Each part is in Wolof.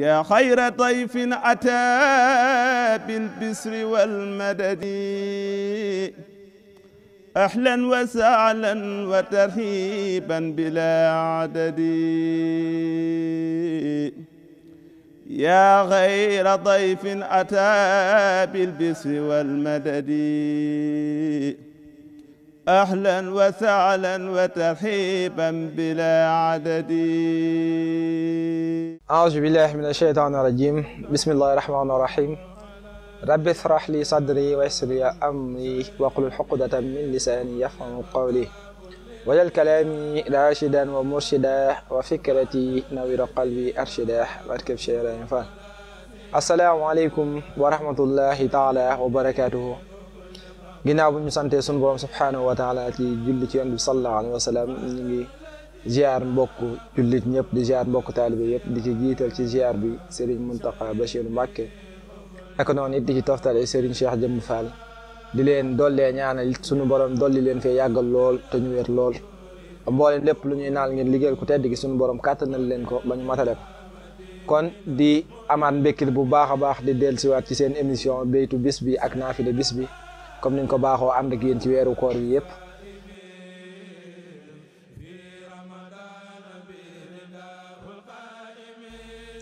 yaa xayra dayfin ataa bil bisri wal madadi ahlan wa sahlan wa tarhiban bilaa adadi yaa xayra dayfin ataa bil bisri wal madadi أهلا وسهلا وترحيبا بلا عدد أعوذ بالله من الشيطان الرجيم بسم الله الرحمن الرحيم رب اشرح لي صدري ويسر لي أمري واحلل عقدة من لساني يفقهوا قولي واجعل كلامي راشدا ومرشدا وفكرتي نوير قلبي أرشدا وأركب شعر ينفع السلام عليكم ورحمة الله تعالى وبركاته ginnaaw bu ñu santee suñu borom subhaanahu wa taala ci julli ci yoon bi sallallahu alayhi wa sallam ñu ngi ziar mbokk jullit ñëpp di ziar mbokk taalibe yëpp di ci jiital ci ziar bi Serigne Mountakha Bachir Mbacké ak noonu it di ci toftale Serigne Cheikh Jëmm Fall di leen dollee ñaanal suñu borom dolli leen fee yàggal lool te ñu wér lool mbooleen lépp lu ñuy naal ngeen liggéeyal ku tedd gi suñu borom kàttanal leen ko ba ñu matale ko kon di amaat mbékkil bu baax a baax di dellusiwaat ci seen émission béytu bis bi ak naafile bis bi comme niñ ko baaxoo ànd ak yéen ci weeru koor yi yëpp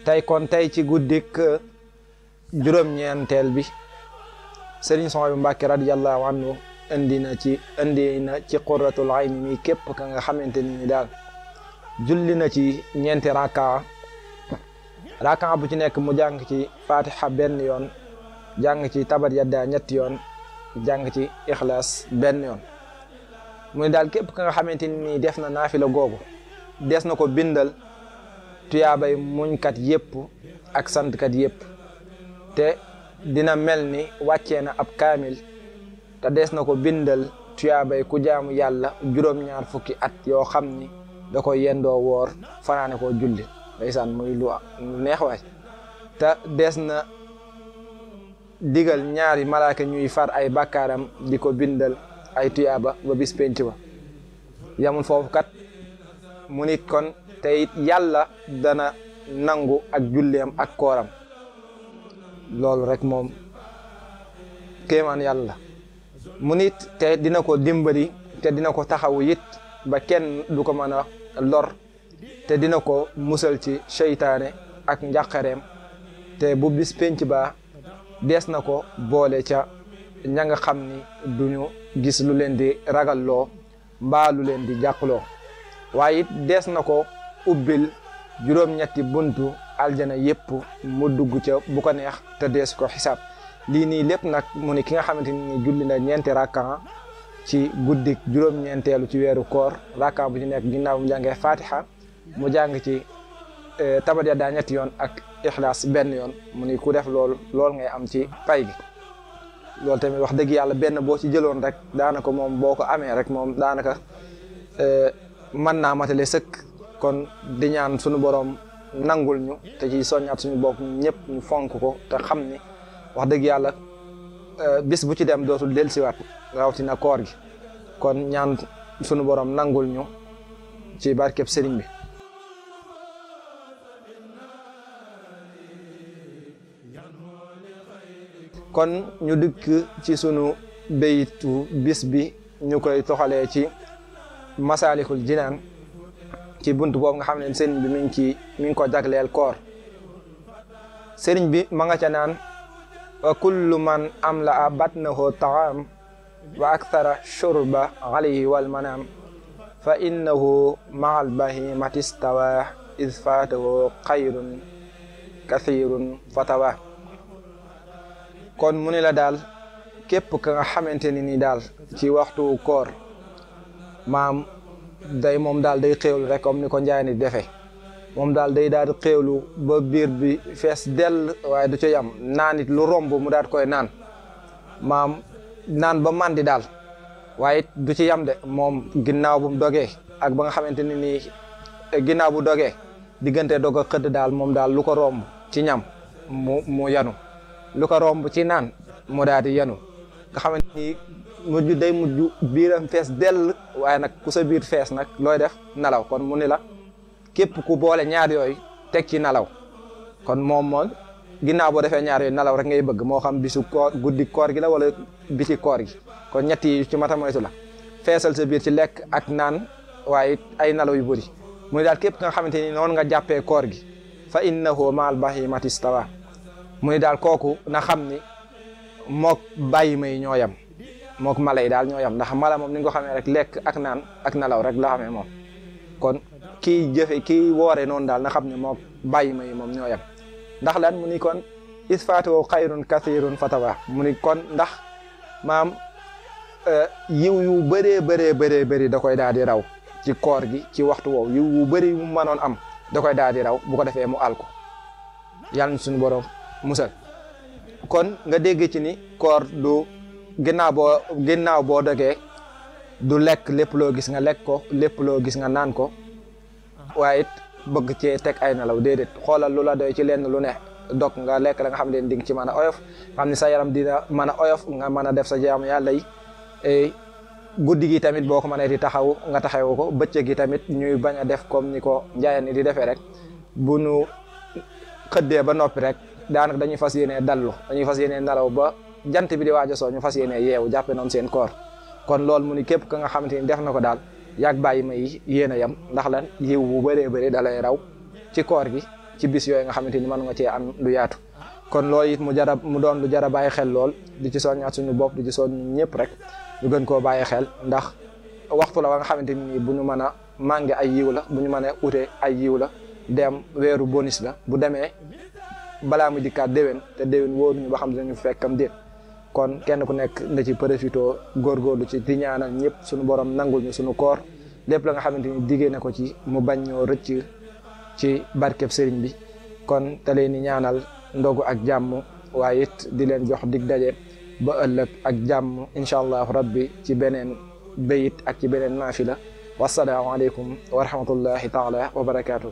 tey kon tey ci guddik euh, juróom-ñeenteel bi sëriñ son bi Mbàkke radiyallahu anhu indi na ci indi na ci qurratul ayni mi képp ka nga xamante ni daal julli na ci ñeenti raka raka bu ci nekk mu jàng ci fatiha benn yoon jàng ci tabat yadda ñetti yoon jàng ci ixlaas benn yoon mu ne daal képp ka nga xamante ni def na naafila googu des na ko bindal tuyaabay muñkat yépp ak santkat yépp te dina mel ni wàccee na ab kaamil te des na ko bindal tuyaabay ku jaamu yàlla juróom-ñaar fukki at yoo xam ni da ko yendoo woor fanaane ko julli ndeysaan muy lu neex waay te des na digal ñaari malaaka ñuy far ay bàkkaaram di ko bindal ay tuyaaba ba bis penc ba yamul foofu kat mu nit kon tey yàlla dana nangu ak julleem ak kooram loolu rekk moom kéemaan yàlla mu nit te dina ko dimbali te dina ko taxawu yit ba kenn du ko mën a lor te dina ko musal ci seytaane ak njàqareem te bu bis ba dees na ko boole ca ña nga xam ni duñu gis lu leen di ragalloo mbaa lu leen di jàqloo waaye it dees na ko ubbil juróom-ñetti buntu aljana yépp mu dugg ca bu ko neex te dees ko xisaab lii nii lépp nag mu ni ki nga xamante ni julli na ñeenti rakkan ci guddik juróom-ñeenteelu ci weeru koor rakkan bu ci nekk ginnaaw mu jàngee fatiha mu jàng ci eh, tabat ya daa ñetti yoon ak ixlaas benn yoon mu ni ku def loolu loolu ngay am ci pay gi loolu tamit wax dëgg yàlla benn boo ci jëloon rek daanaka moom boo ko amee rek moom daanaka e, mën naa matale sëkk kon di ñaan sunu borom nangul ñu te ci soññaat suñu bokk ñëpp ñu fonk ko te xam ni wax dëgg yàlla e, bis bu ci dem dootul dellusiwaat rawatina koor gi kon ñaan sunu borom nangul ñu ci barkeb sëriñ bi kon ñu dikk ci sunu béytu bis bi ñu koy toxalee ci masaalikul jinaan ci bunt boobu nga xam ne sëriñ bi mi ngi ci mi ngi ko jagleel koor sëriñ bi ma nga ca naan wa kullu man am la a batnahu taam wa akthara shurba alayhi wal manaam fa innahu maal bahimati stawa is faatahu xayrun kathirun fatawa kon mu ne la daal képp ka nga xamante ne ni daal ci waxtu koor maam day moom daal day xéewlu rek comme ni ko njaay ni defee moom daal day daal di xéewlu ba biir bi fees dell waaye du ci am naan it lu romb mu daat koy naan maam naan ba màndi daal waaye du ci yam de moom ginnaaw bu mu dogee ak ba nga xamante ni nii ginnaaw bu dogee diggante dog xëdd daal moom daal lu ko romb ci ñam mu mu yanu lu ko romb ci naan mu daal di yanu nga xamante ni mujj day mujj biiram fees dell waaye nag ku sa biir fees nag looy def nelaw kon mu ni la képp ku boole ñaar yooyu teg ci nelaw kon moom moom ginnaaw boo defee ñaar nelaw rek ngay bëgg moo xam bisu koor guddi koor gi la wala biti koor gi kon ñett ci mata moytu la feesal sa biir ci lekk ak naan waaye ay nelaw yu bëri muy daal képp nga xamante ni noonu nga jàppee koor gi fa innahu maal bahimati stawa mu ni daal kooku na xam ni mook bàyyi may ñoo yam mook mala yi daal ñoo yam ndax mala moom ni nga ko xamee rek lekk ak naan ak nelaw rek la xamee moom kon kii jëfe ki woore noonu daal na xam ne mook bàyyi may moom ñoo yam ndax lan mu ni kon isfaatoo xayrun kasirun fatawa mu ni kon ndax maam e, yiw yu bëree bëree bëree bëri da koy daal di raw ci koor gi ci waxtu woow yiw yu bëri mu mënoon am da koy daal di raw bu ko defee mu àl ko yàlla na suñu borom musal kon nga dégg ci ni koor du ginnaaw boo ginnaaw boo dogee du lekk lépp loo gis nga lekk ko lépp loo gis nga naan ko waaye bëgg cee teg ay nelaw déedéet xoolal lu la doy ci lenn lu ne dog nga lekk la nga xam ne di ci man a oyof nga xam ne sa yaram dina mën a oyof nga mën a def sa jaamu yàlla yi e, guddi gi tamit boo ko mënee di taxaw nga taxawu ko bëccëg gi tamit ñuy bañ a def comme ni ko njaayeen ni di defee rek bu nu xëddee ba noppi rek daanaka dañuy fas yéenee dallu dañuy fas yéenee nelaw ba jant bi di waaj a soo ñu fas yéenee yeewu jàppe noonu seen koor kon loolu mu ni képp ka nga xamante ni def na ko daal yàgg bàyyi may yi yéen a yem ndax lan yiw bu bëree bëri dalay raw ci koor gi ci bis yooyu nga xamante ni mën nga cee am lu yaatu kon lool it mu jara mu doon lu jara bàyyi xel lool di ci soññaat suñu bopp di ci soññ ñëpp rek ñu gën koo bàyyi xel ndax waxtu la wa nga xamante ni bu ñu mën a mànge ay yiw la bu ñu mën a ute ay yiw la dem weeru bonus la bu demee balaa mu dikkaat déwén te déwén wóoruñu ba xam dinañu fekkam déet kon kenn ku nekk na ci profitoo góorgóorlu ci di ñaanal ñëpp suñu borom nangul ñu suñu koor lépp la nga xamante ni diggée na ko ci mu bañ ñoo rëcc ci barkeb sëriñ bi kon te leen ñaanal ndogu ak jàmm waaye it di leen jox dig daje ba ëllëg ak jàmm incha allahu rabbi ci beneen bayit ak ci beneen la wassalaamu aleykum wa rahmatullahi taala wa barakaatu